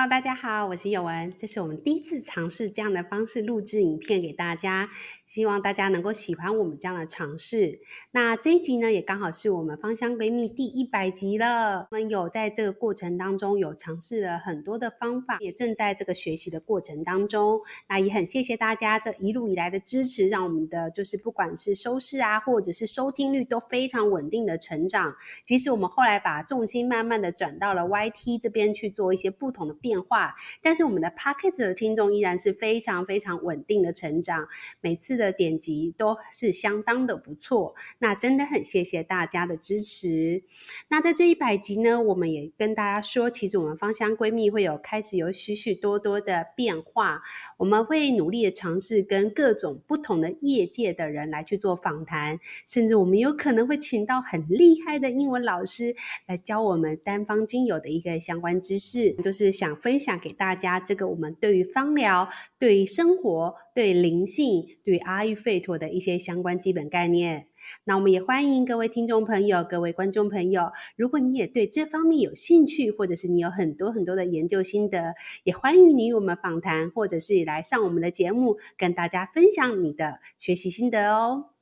Hello，大家好，我是宥雯，這是我們第一次嘗試這樣的方式錄製影片給大家，希望大家能夠喜歡我們這樣的嘗試。那這一集呢，也剛好是我們芳香閨蜜第一百集了。我們有在這個過程當中有嘗試了很多的方法，也正在這個學習的過程當中。那也很謝謝大家這一路以來的支持，讓我們的就是不管是收視啊，或者是收聽率都非常穩定的成長。其實我們後來把重心慢慢的轉到了 YT 這邊去做一些不同的變化，但是我們的 Pocket 的聽眾依然是非常非常穩定的成長，每次的點擊都是相當的不錯，那真的很謝謝大家的支持。那在這一百集呢，我們也跟大家說，其實我們芳香閨蜜會有開始有許許多多的變化，我們會努力的嘗試跟各種不同的業界的人來去做訪談，甚至我們有可能會請到很厲害的英文老師來教我們單方精油的一個相關知識，就是想。分享給大家這個我們對於芳療、對於生活、對靈性、對阿育吠陀的一些相關基本概念。那我們也歡迎各位聽眾朋友、各位觀眾朋友，如果你也對這方面有興趣，或者是你有很多很多的研究心得，也歡迎你與我們訪談，或者是來上我們的節目，跟大家分享你的學習心得哦。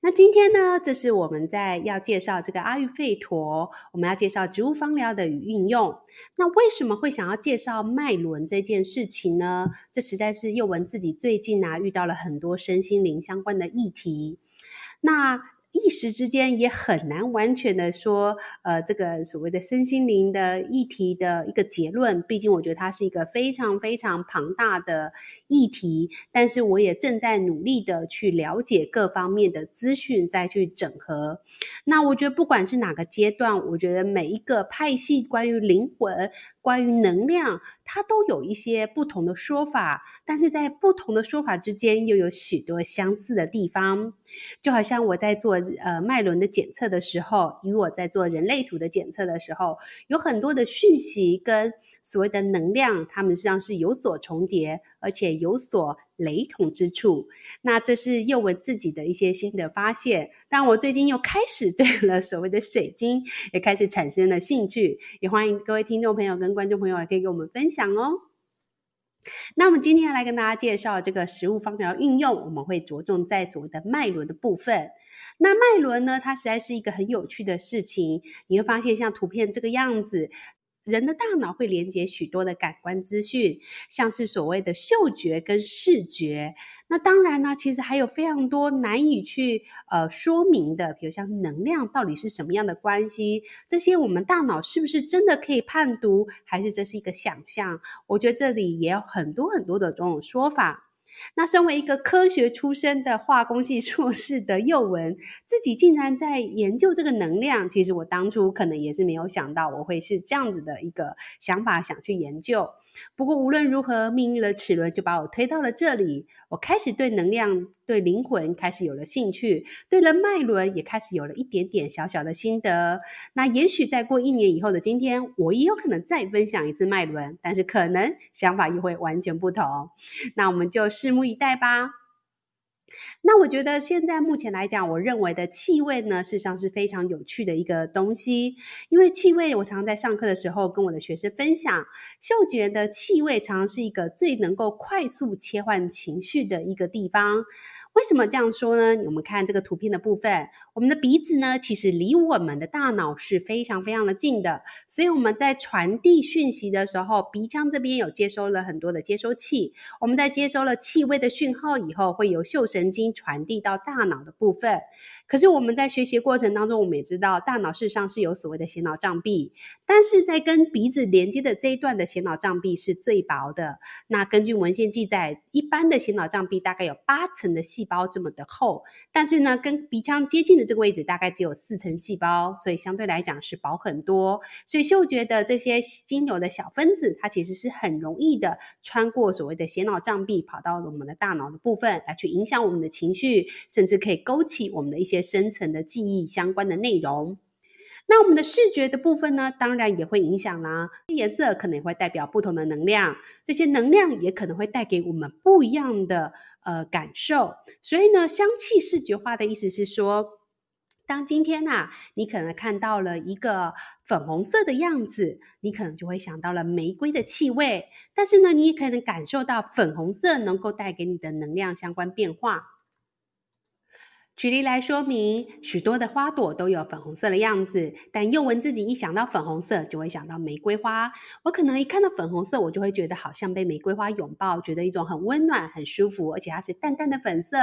那今天呢，這是我們在要介紹這個阿育吠陀，我們要介紹植物芳療的與運用。那為什麼會想要介紹脈輪這件事情呢？這實在是宥雯自己最近啊遇到了很多身心靈相關的議題。那一時之間也很難完全的說，呃，這個所謂的身心靈的議題的一個結論。畢竟我覺得它是一個非常非常龐大的議題，但是我也正在努力的去了解各方面的資訊，再去整合。那我覺得不管是哪個階段，我覺得每一個派系關於靈魂。關於能量，它都有一些不同的說法，但是在不同的說法之間，又有許多相似的地方。就好像我在做呃脈輪的檢測的時候，與我在做人類圖的檢測的時候，有很多的訊息跟所謂的能量，它們實際上是有所重疊。而且有所雷同之處，那這是宥雯自己的一些新的發現。但我最近又開始對了所謂的水晶也開始產生了興趣，也歡迎各位聽眾朋友跟觀眾朋友也可以跟我們分享哦。那我們今天要來跟大家介紹這個實務芳療運用，我們會着重在所謂的脈輪的部分。那脈輪呢，它實在是一個很有趣的事情，你會發現像圖片這個樣子。人的大腦會連接許多的感官資訊，像是所謂的嗅覺跟視覺。那當然呢，其實還有非常多難以去呃說明的，比如像是能量到底是什麼樣的關係，這些我們大腦是不是真的可以判讀，還是這是一個想象？我覺得這裡也有很多很多的這種說法。那身為一個科學出身的化工系碩士的宥雯，自己竟然在研究這個能量。其實我當初可能也是沒有想到，我會是這樣子的一個想法，想去研究。不過無論如何，命運的齒輪就把我推到了這裡。我開始對能量、對靈魂開始有了興趣，對了，脈輪也開始有了一點點小小的心得。那也許再過一年以後的今天，我也有可能再分享一次脈輪，但是可能想法又會完全不同。那我們就拭目以待吧。那我覺得現在目前來講，我認為的氣味呢，事實上是非常有趣的一個東西。因為氣味，我常常在上課的時候跟我的學生分享，嗅覺的氣味常常是一個最能夠快速切換情緒的一個地方。為什麼這樣說呢？我們看這個圖片的部分，我們的鼻子呢，其實離我們的大腦是非常非常的近的。所以我們在傳遞訊息的時候，鼻腔這邊有接收了很多的接收器。我們在接收了氣味的訊號以後，會由嗅神經傳遞到大腦的部分。可是我們在學習過程當中，我們也知道，大腦事實上是有所謂的血腦障壁，但是在跟鼻子連接的這一段的血腦障壁是最薄的。那根據文獻記載，一般的血腦障壁大概有八層的細。細胞這麼的厚，但是呢，跟鼻腔接近的這個位置大概只有四層細胞，所以相對來講是薄很多。所以嗅覺的這些精油的小分子，它其實是很容易的穿過所謂的血腦障壁，跑到了我們的大腦的部分來去影響我們的情緒，甚至可以勾起我們的一些深層的記憶相關的內容。那我們的視覺的部分呢，當然也會影響啦。這顏色可能也會代表不同的能量，這些能量也可能會帶給我們不一樣的。呃，感受。所以呢，香氣視覺化的意思是說，當今天吶，你可能看到了一個粉紅色的樣子，你可能就會想到了玫瑰的氣味。但是呢，你也可能感受到粉紅色能夠帶給你的能量相關變化。舉例來說明，許多的花朵都有粉紅色的樣子，但宥雯自己一想到粉紅色，就會想到玫瑰花。我可能一看到粉紅色，我就會覺得好像被玫瑰花擁抱，覺得一種很溫暖、很舒服，而且它是淡淡的粉色，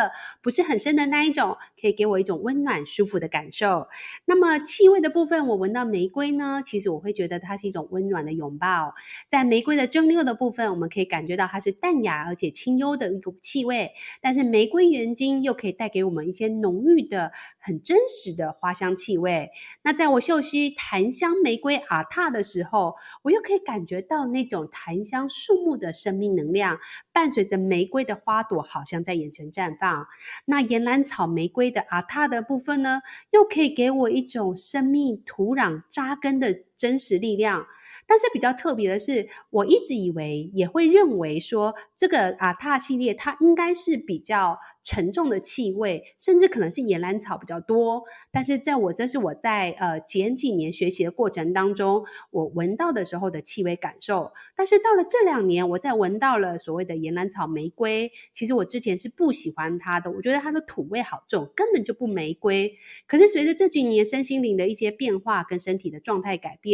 不是很深的那一種，可以給我一種溫暖、舒服的感受。那麼氣味的部分，我聞到玫瑰呢，其實我會覺得它是一種溫暖的擁抱。在玫瑰的蒸餾的部分，我們可以感覺到它是淡雅而且清幽的一股氣味，但是玫瑰原精又可以帶給我們一些。濃郁的、很真實的花香氣味。那在我嗅吸檀香玫瑰阿塔的時候，我又可以感覺到那種檀香樹木的生命能量，伴隨着玫瑰的花朵，好像在眼前綻放。那岩蘭草玫瑰的阿塔的部分呢，又可以給我一種生命土壤扎根的。真實力量，但是比較特別的是，我一直以為也會認為說這個阿塔系列它應該是比較沉重的氣味，甚至可能是岩蘭草比較多。但是在我這是我在呃前幾，幾年學習的過程當中，我聞到的時候的氣味感受。但是到了這兩年，我再聞到了所謂的岩蘭草玫瑰，其實我之前是不喜歡它的，我覺得它的土味好重，根本就不玫瑰。可是隨着這幾年身心靈的一些變化跟身體的狀態改變。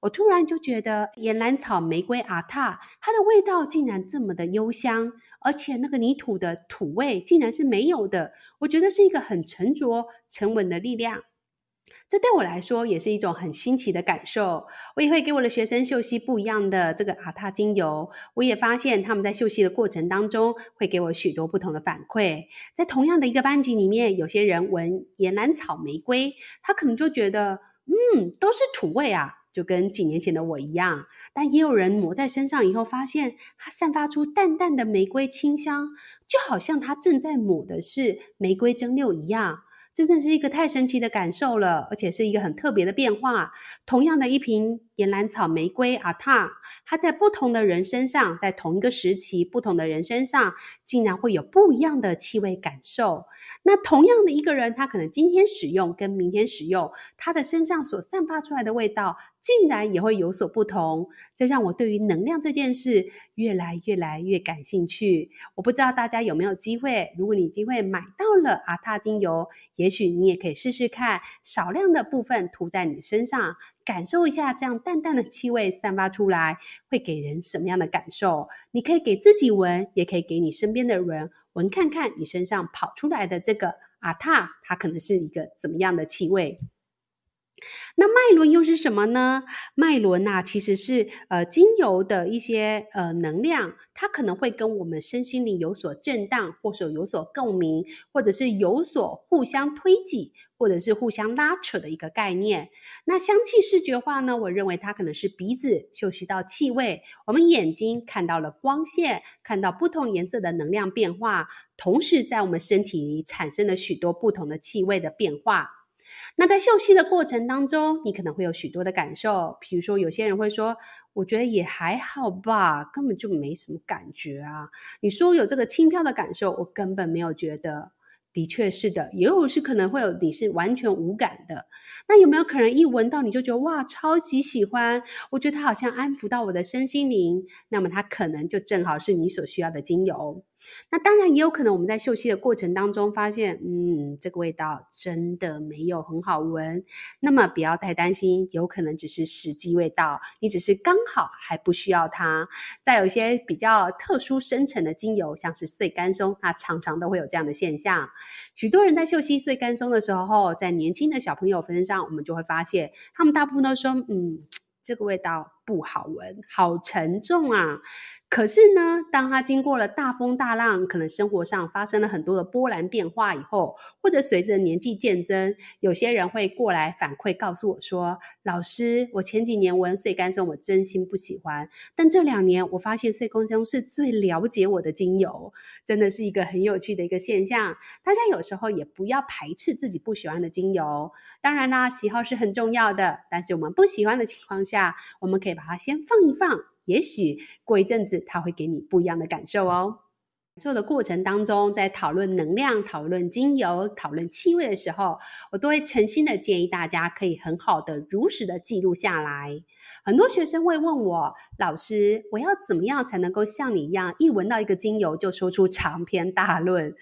我突然就覺得岩蘭草玫瑰阿塔，它的味道竟然這麼的幽香，而且那個泥土的土味竟然是沒有的。我覺得是一個很沉着、沉穩的力量，這對我來說也是一種很新奇的感受。我也會給我的學生嗅吸不一樣的這個阿塔精油，我也發現他們在嗅吸的過程當中會給我許多不同的反饋。在同樣的一個班級裡面，有些人聞岩蘭草玫瑰，他可能就覺得嗯，都是土味啊。就跟幾年前的我一樣，但也有人抹在身上以後，發現它散發出淡淡的玫瑰清香，就好像它正在抹的是玫瑰蒸餾一樣，真的是一個太神奇的感受了，而且是一個很特別的變化。同樣的一瓶。岩蘭草、玫瑰、阿塔，它在不同的人身上，在同一個時期，不同的人身上，竟然會有不一樣的氣味感受。那同樣的一個人，他可能今天使用跟明天使用，他的身上所散發出來的味道，竟然也會有所不同。這讓我對於能量這件事，越來越來越感興趣。我不知道大家有沒有機會，如果你有機會買到了阿塔精油，也許你也可以試試看，少量的部分塗在你身上。感受一下這樣淡淡的氣味散發出來，會給人什麼樣的感受？你可以給自己聞，也可以給你身邊的人聞，看看你身上跑出來的這個啊它、啊，它可能是一個怎麼樣的氣味。那脈輪又是什麼呢？脈輪吶，其實是呃精油的一些呃能量，它可能會跟我們身心靈有所震盪，或所有所共鳴，或者是有所互相推擠，或者是互相拉扯的一個概念。那香氣視覺化呢？我認為它可能是鼻子嗅吸到氣味，我們眼睛看到了光線，看到不同顏色的能量變化，同時在我們身體裡產生了許多不同的氣味的變化。那在嗅吸的過程當中，你可能會有許多的感受，比如說有些人會說，我覺得也還好吧，根本就沒什麼感覺啊。你說有這個輕飄的感受，我根本沒有覺得，的確是的，也有是可能會有你是完全無感的。那有沒有可能一聞到你就覺得哇，超級喜歡？我覺得它好像安撫到我的身心靈，那麼它可能就正好是你所需要的精油。那當然也有可能，我們在嗅吸的過程當中發現，嗯，這個味道真的沒有很好聞。那麼不要太擔心，有可能只是時機未到，你只是剛好還不需要它。再有一些比較特殊生成的精油，像是穗甘松，它常常都會有這樣的現象。許多人在嗅吸穗甘松的時候，在年輕的小朋友分身上，我們就會發現，他們大部分都說，嗯，這個味道不好聞，好沉重啊。可是呢，當他經過了大風大浪，可能生活上發生了很多的波瀾變化以後，或者隨着年紀漸增，有些人會過來反饋告訴我說：“老師，我前幾年聞穗甘松，我真心不喜歡，但這兩年我發現穗甘松是最了解我的精油，真的是一個很有趣的一個現象。大家有時候也不要排斥自己不喜歡的精油，當然啦，喜好是很重要的，但是我們不喜歡的情況下，我們可以把它先放一放。”也許過一陣子，它會給你不一樣的感受哦。做的過程當中，在討論能量、討論精油、討論氣味的時候，我都會誠心的建議大家可以很好的、如實的記錄下來。很多學生會問我：“老師，我要怎麼樣才能夠像你一樣，一聞到一個精油就說出長篇大論？”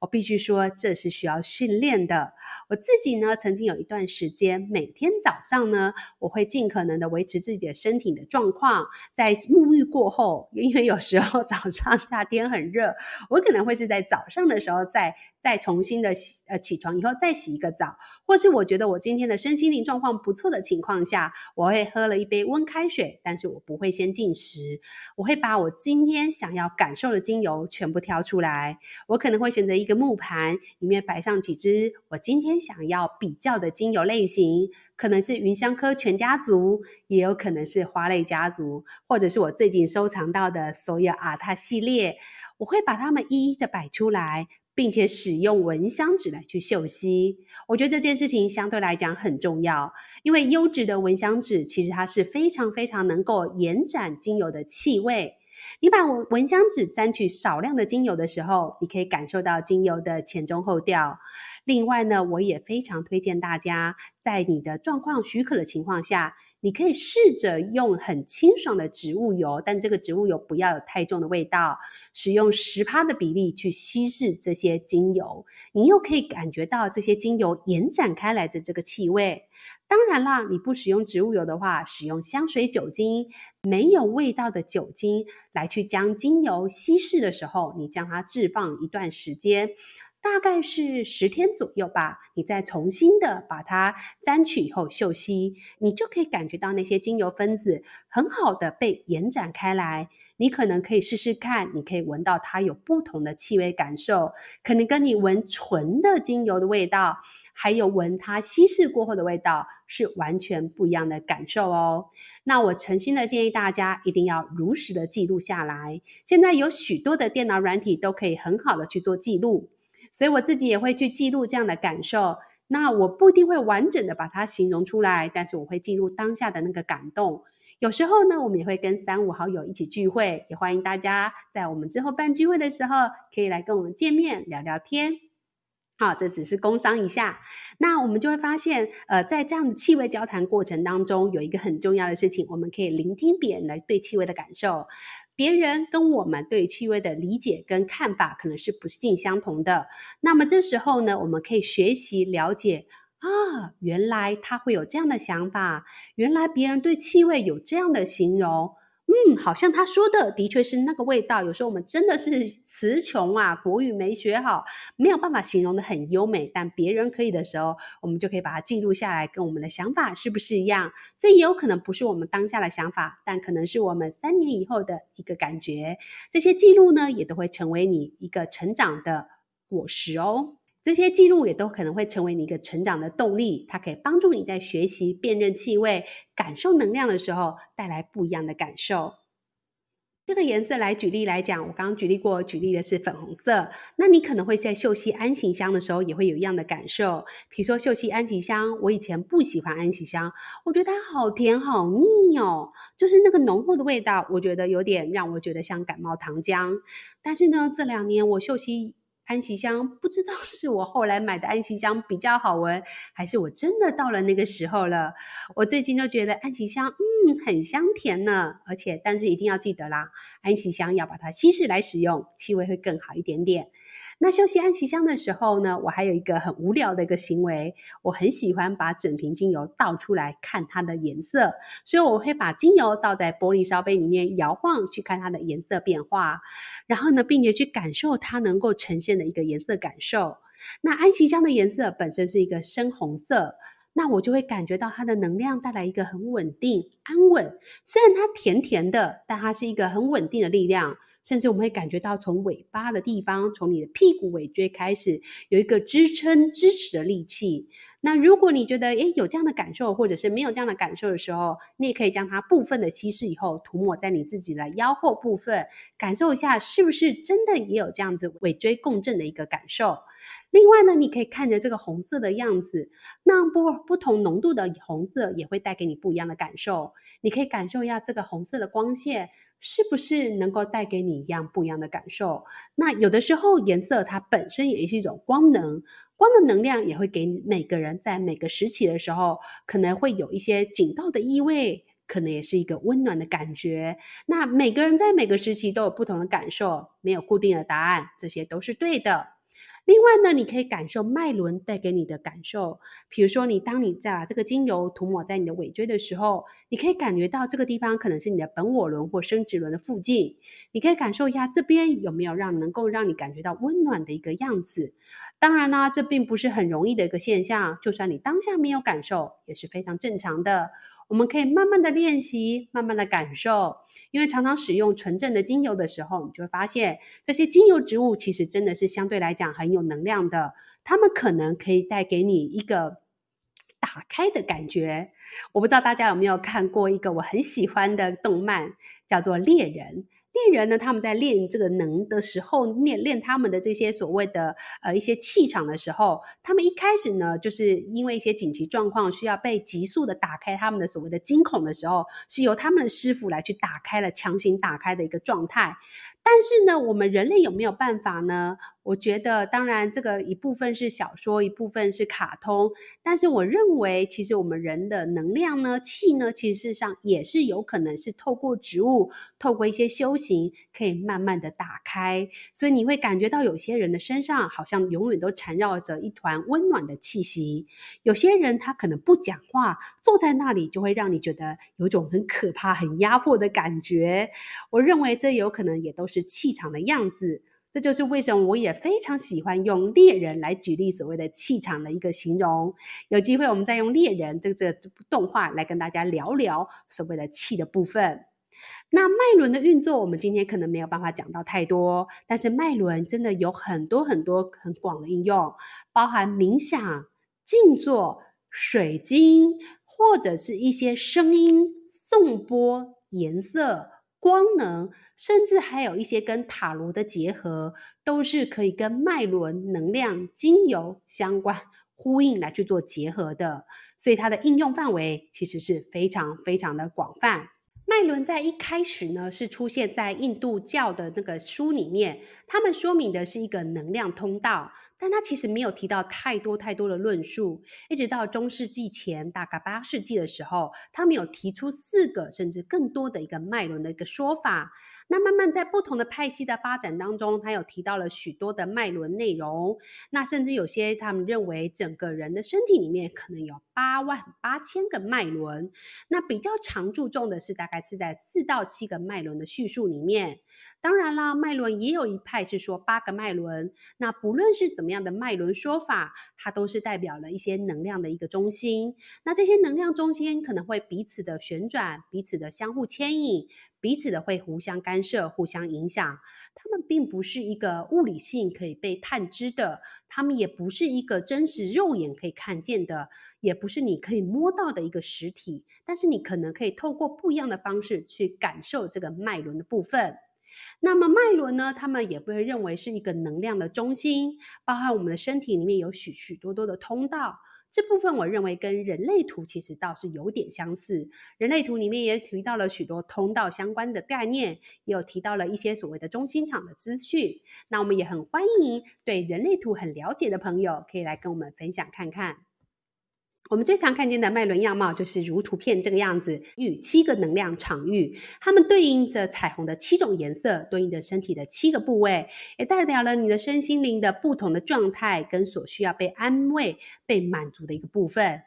我必須說，這是需要訓練的。我自己呢，曾經有一段時間，每天早上呢，我會盡可能的維持自己的身體的狀況。在沐浴過後，因為有時候早上夏天很熱，我可能會是在早上的時候再再重新的洗，呃，起床以後再洗一個澡，或是我覺得我今天的身心靈狀況不錯的情況下，我會喝了一杯溫開水，但是我不會先進食，我會把我今天想要感受的精油全部挑出來，我可能會選擇一個木盤，裡面擺上幾支我今天想要比較的精油類型，可能是芸香科全家族，也有可能是花類家族，或者是我最近收藏到的所有阿塔系列。我會把它們一一的擺出來，並且使用聞香紙來去嗅吸。我覺得這件事情相對來講很重要，因為優質的聞香紙其實它是非常非常能夠延展精油的氣味。你把聞香紙沾取少量的精油的時候，你可以感受到精油的前中後調。另外呢，我也非常推薦大家，在你的狀況許可的情況下。你可以試着用很清爽的植物油，但這個植物油不要有太重的味道，使用十趴的比例去稀釋這些精油，你又可以感覺到這些精油延展開來的這個氣味。當然啦，你不使用植物油的話，使用香水酒精，沒有味道的酒精來去將精油稀釋的時候，你將它置放一段時間。大概是十天左右吧，你再重新的把它沾取以後嗅吸，你就可以感覺到那些精油分子很好的被延展開來。你可能可以試試看，你可以聞到它有不同的氣味感受，可能跟你聞純的精油的味道，還有聞它稀釋過後的味道是完全不一樣的感受哦。那我誠心的建議大家一定要如實的記錄下來。現在有許多的電腦軟體都可以很好的去做記錄。所以我自己也會去記錄這樣的感受，那我不一定會完整的把它形容出來，但是我會記錄當下的那個感動。有時候呢，我們也會跟三五好友一起聚會，也歡迎大家在我們之後辦聚會的時候，可以來跟我們見面聊聊天。好、哦，這只是工商一下，那我們就會發現，呃，在這樣的氣味交談過程當中，有一個很重要的事情，我們可以聆聽別人來對氣味的感受。別人跟我們對氣味的理解跟看法可能是不盡相同的。那麼這時候呢，我們可以學習了解啊，原來他會有這樣的想法，原來別人對氣味有這樣的形容。嗯，好像他說的的確是那個味道。有時候我們真的是詞窮啊，國語沒學好，沒有辦法形容得很優美。但別人可以的時候，我們就可以把它記錄下來，跟我們的想法是不是一樣？這也有可能不是我們當下的想法，但可能是我們三年以後的一個感覺。這些記錄呢，也都會成為你一個成長的果實哦。這些記錄也都可能會成為你一個成長的動力，它可以幫助你在學習辨認氣味、感受能量的時候帶來不一樣的感受。這個顏色來舉例來講，我剛剛舉例過，舉例的是粉紅色。那你可能會在嗅吸安息香的時候也會有一樣的感受。比如說嗅吸安息香，我以前不喜歡安息香，我覺得它好甜好膩哦，就是那個濃厚的味道，我覺得有點讓我覺得像感冒糖漿。但是呢，這兩年我嗅吸。安息香不知道是我後來買的安息香比較好聞，還是我真的到了那個時候了。我最近就覺得安息香，嗯，很香甜呢。而且，但是一定要記得啦，安息香要把它稀釋來使用，氣味會更好一點點。那休息安息香的時候呢，我還有一個很無聊的一個行為，我很喜歡把整瓶精油倒出來看它的顏色，所以我會把精油倒在玻璃燒杯裡面搖晃去看它的顏色變化，然後呢，並且去感受它能夠呈現的一個顏色感受。那安息香的顏色本身是一個深紅色，那我就會感覺到它的能量帶來一個很穩定、安穩。雖然它甜甜的，但它是一個很穩定的力量。甚至我們會感覺到從尾巴的地方，從你的屁股尾椎開始有一個支撐支持的力氣。那如果你覺得誒，有這樣的感受，或者是沒有這樣的感受的時候，你也可以將它部分的稀釋以後，塗抹在你自己的腰後部分，感受一下是不是真的也有這樣子尾椎共振的一個感受。另外呢，你可以看着這個紅色的樣子，那不不同濃度的紅色也會帶給你不一樣的感受。你可以感受一下這個紅色的光線是不是能夠帶給你一樣不一樣的感受。那有的時候顏色它本身也是一種光能，光的能量也會給每個人在每個時期的時候，可能會有一些警告的意味，可能也是一個溫暖的感覺。那每個人在每個時期都有不同的感受，沒有固定的答案，這些都是對的。另外呢，你可以感受脈輪帶給你的感受。比如說，你當你在把、啊、這個精油塗抹在你的尾椎的時候，你可以感覺到這個地方可能是你的本我輪或生殖輪的附近。你可以感受一下這邊有沒有讓能夠讓你感覺到溫暖的一個樣子。當然啦、啊，這並不是很容易的一個現象。就算你當下沒有感受，也是非常正常的。我們可以慢慢的練習，慢慢的感受，因為常常使用純正的精油的時候，你就會發現這些精油植物其實真的是相對來講很有能量的，它們可能可以帶給你一個打開的感覺。我不知道大家有沒有看過一個我很喜歡的動漫，叫做《獵人》。練人呢，他們在練這個能的時候，練練他們的這些所謂的呃一些氣場的時候，他們一開始呢，就是因為一些緊急狀況需要被急速的打開他們的所謂的驚恐的時候，是由他們的師傅來去打開了強行打開的一個狀態。但是呢，我們人類有沒有辦法呢？我覺得，當然，這個一部分是小說，一部分是卡通。但是，我認為，其實我們人的能量呢，氣呢，其實事實上也是有可能是透過植物，透過一些修行，可以慢慢的打開。所以，你會感覺到有些人的身上好像永遠都纏繞着一團溫暖的氣息；有些人他可能不講話，坐在那裡就會讓你覺得有種很可怕、很壓迫的感覺。我認為，這有可能也都是。是氣場的樣子，這就是為什麼我也非常喜歡用獵人來舉例所謂的氣場的一個形容。有機會我們再用獵人這個這個動畫來跟大家聊聊所謂的氣的部分。那脈輪的運作，我們今天可能沒有辦法講到太多，但是脈輪真的有很多很多很廣的應用，包含冥想、靜坐、水晶或者是一些聲音、頌缽、顏色。光能，甚至還有一些跟塔羅的結合，都是可以跟脈輪能量、精油相關呼應來去做結合的，所以它的應用範圍其實是非常非常的廣泛。脈輪在一開始呢，是出現在印度教的那個書裡面，他們說明的是一個能量通道。但他其實沒有提到太多太多的論述，一直到中世紀前，大概八世紀的時候，他沒有提出四個甚至更多的一個脈輪的一個說法。那慢慢在不同的派系的發展當中，他有提到了許多的脈輪內容。那甚至有些他們認為，整個人的身體裡面可能有八萬八千個脈輪。那比較常注重的是，大概是在四到七個脈輪的敘述裡面。當然啦，脈輪也有一派是說八個脈輪。那不論是怎麼樣的脈輪說法，它都是代表了一些能量的一個中心。那這些能量中心可能會彼此的旋轉，彼此的相互牽引。彼此的會互相干涉、互相影響，它們並不是一個物理性可以被探知的，它們也不是一個真實肉眼可以看見的，也不是你可以摸到的一個實體。但是你可能可以透過不一樣的方式去感受這個脈輪的部分。那麼脈輪呢，他們也被認為是一個能量的中心，包含我們的身體裡面有許許多多的通道。這部分我認為跟人類圖其實倒是有點相似。人類圖裡面也提到了許多通道相關的概念，也有提到了一些所謂的中心場的資訊。那我們也很歡迎對人類圖很了解的朋友，可以來跟我們分享看看。我們最常看見的脈輪樣貌就是如圖片這個樣子，與七個能量場域，它們對應着彩虹的七種顏色，對應着身體的七個部位，也代表了你的身心靈的不同的狀態跟所需要被安慰、被滿足的一個部分。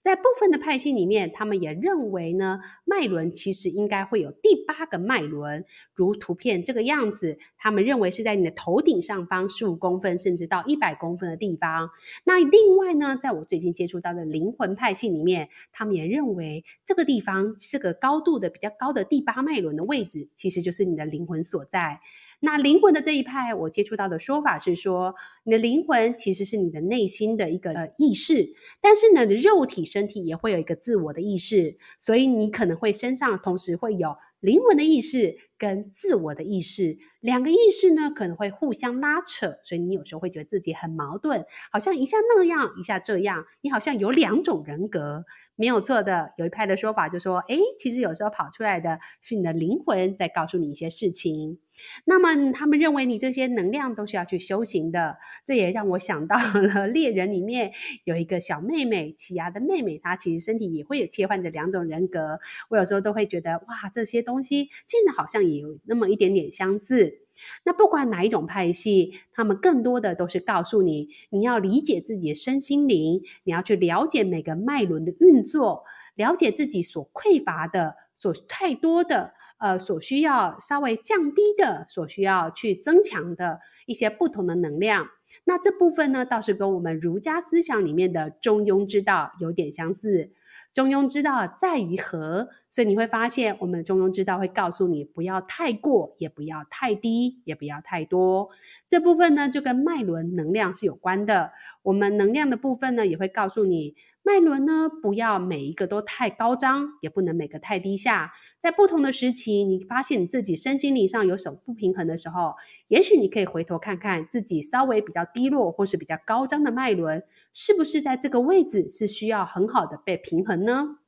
在部分的派系裡面，他們也認為呢，脈輪其實應該會有第八個脈輪，如圖片這個樣子。他們認為是在你的頭頂上方十五公分，甚至到一百公分的地方。那另外呢，在我最近接觸到的靈魂派系裡面，他們也認為這個地方是個高度的比較高的第八脈輪的位置，其實就是你的靈魂所在。那靈魂的這一派，我接觸到的說法是說，你的靈魂其實是你的內心的一個呃意識，但是呢，你的肉體身體也會有一個自我的意識，所以你可能會身上同時會有靈魂的意識。跟自我的意識，兩個意識呢可能會互相拉扯，所以你有時候會覺得自己很矛盾，好像一下那樣，一下這樣，你好像有兩種人格。沒有錯的，有一派的說法就說，誒，其實有時候跑出來的是你的靈魂在告訴你一些事情。那麼他們認為你這些能量都是要去修行的，這也讓我想到了《獵人》裡面有一個小妹妹，奇犽的妹妹，她其實身體也會有切換着兩種人格。我有時候都會覺得，哇，這些東西竟然好像。有那麼一點點相似。那不管哪一種派系，他們更多的都是告訴你，你要理解自己的身心靈，你要去了解每個脈輪的運作，了解自己所匱乏的、所太多的、呃，所需要稍微降低的、所需要去增強的一些不同的能量。那這部分呢，倒是跟我們儒家思想裡面的中庸之道有點相似。中庸之道在於和，所以你會發現，我們的中庸之道會告訴你，不要太過，也不要太低，也不要太多。這部分呢，就跟脈輪能量是有關的。我們能量的部分呢，也會告訴你。脈輪呢，不要每一個都太高張，也不能每個太低下。在不同的時期，你發現你自己身心靈上有什麼不平衡的時候，也許你可以回頭看看自己稍微比較低落或是比較高張的脈輪，是不是在這個位置是需要很好的被平衡呢？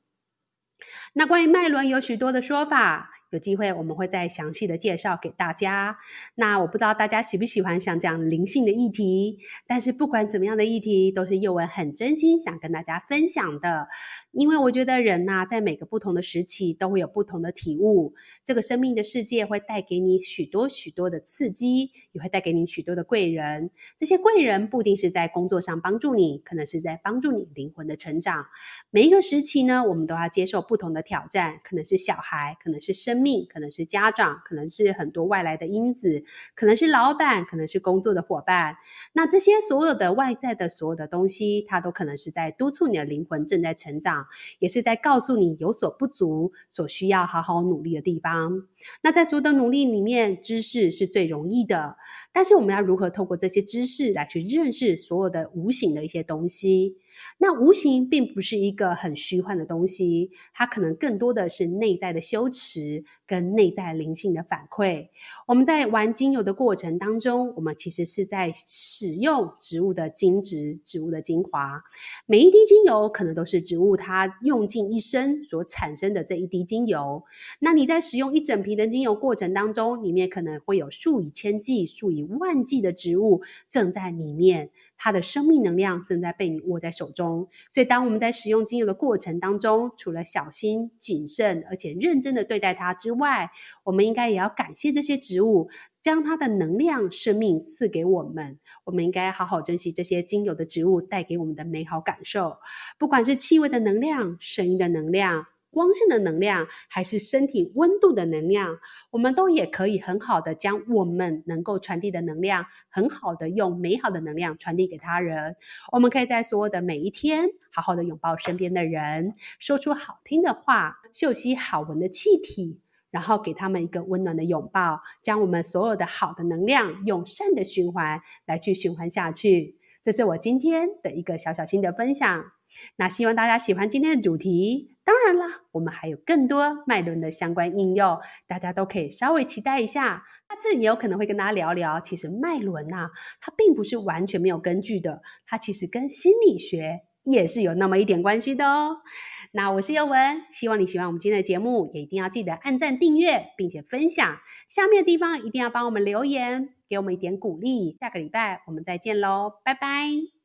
那關於脈輪有許多的說法。有機會，我們會再詳細的介紹給大家。那我不知道大家喜不喜歡像這樣靈性的議題，但是不管怎麼樣的議題，都是宥雯很真心想跟大家分享的。因為我覺得人吶、啊，在每個不同的時期，都會有不同的體悟。這個生命的世界會帶給你許多許多的刺激，也會帶給你許多的貴人。這些貴人不一定是在工作上幫助你，可能是在幫助你靈魂的成長。每一個時期呢，我們都要接受不同的挑戰，可能是小孩，可能是生命，可能是家長，可能是很多外來的因子，可能是老板，可能是工作的夥伴。那這些所有的外在的所有的東西，它都可能是在督促你的靈魂正在成長。也是在告訴你有所不足，所需要好好努力的地方。那在所有的努力裡面，知識是最容易的。但是我們要如何透過這些知識來去認識所有的無形的一些東西？那無形並不是一個很虛幻的東西，它可能更多的是內在的修持跟內在靈性的反饋。我們在玩精油的過程當中，我們其實是在使用植物的精質、植物的精華。每一滴精油可能都是植物它用盡一生所產生的這一滴精油。那你在使用一整瓶的精油過程當中，裡面可能會有數以千計、數以。萬計的植物正在裡面，它的生命能量正在被你握在手中。所以當我們在使用精油的過程當中，除了小心謹慎，而且認真的對待它之外，我們應該也要感謝這些植物，將它的能量、生命賜給我們。我們應該好好珍惜這些精油的植物帶給我們的美好感受，不管是氣味的能量、聲音的能量。光線的能量還是身體溫度的能量，我們都也可以很好的將我們能夠傳遞的能量，很好的用美好的能量傳遞給他人。我們可以在所有的每一天，好好的擁抱身邊的人，說出好聽的話，嗅吸好聞的氣體，然後給他們一個溫暖的擁抱，將我們所有的好的能量用善的循環來去循環下去。這是我今天的一個小小心得分享。那希望大家喜歡今天的主題。當然啦，我們還有更多脈輪的相關應用，大家都可以稍微期待一下。下次也有可能會跟大家聊聊，其實脈輪吶，它並不是完全沒有根據的，它其實跟心理學也是有那麼一點關係的哦。那我是宥雯，希望你喜歡我們今天的節目，也一定要記得按讚、訂閱，並且分享。下面的地方一定要幫我們留言，給我們一點鼓勵。下個禮拜我們再見嘍，拜拜。